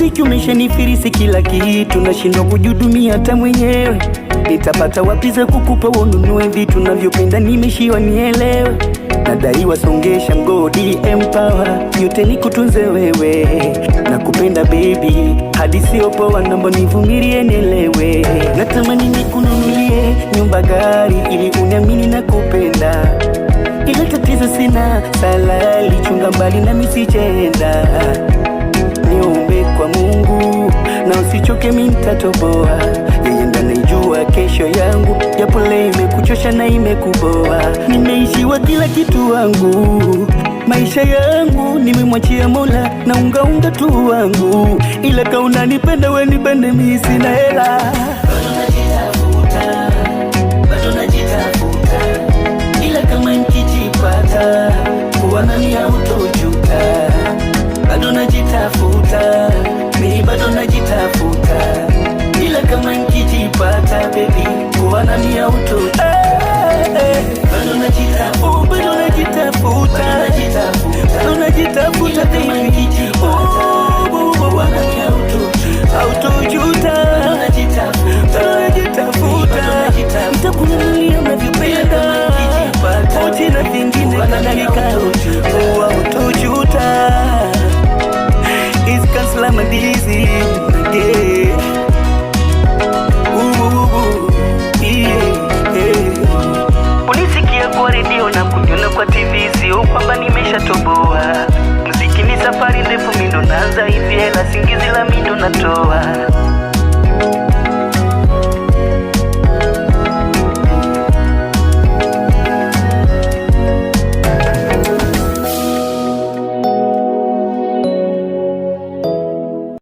Muziki umeshanifirisi kila kitu, nashindwa kujudumia hata mwenyewe. Nitapata wapi za kukupa ununue vitu navyopenda? Nimeshiwa nielewe, nadaiwa songesha mgodi empower, yote nikutunze wewe na kupenda baby, hadi sio poa, naomba nivumilie nielewe. Natamani nikununulie nyumba, gari, ili uniamini na kupenda, ila tatizo sina salali chunga mbali na misichenda na usichoke, mimi nitatoboa yeye ndo kesho yangu, yapole imekuchosha na imekuboa. Nimeishiwa kila kitu wangu, maisha yangu nimemwachia Mola na ungaunga tu wangu, ila kaunanipenda wenipende, misi na hela na singizi la mindo natoa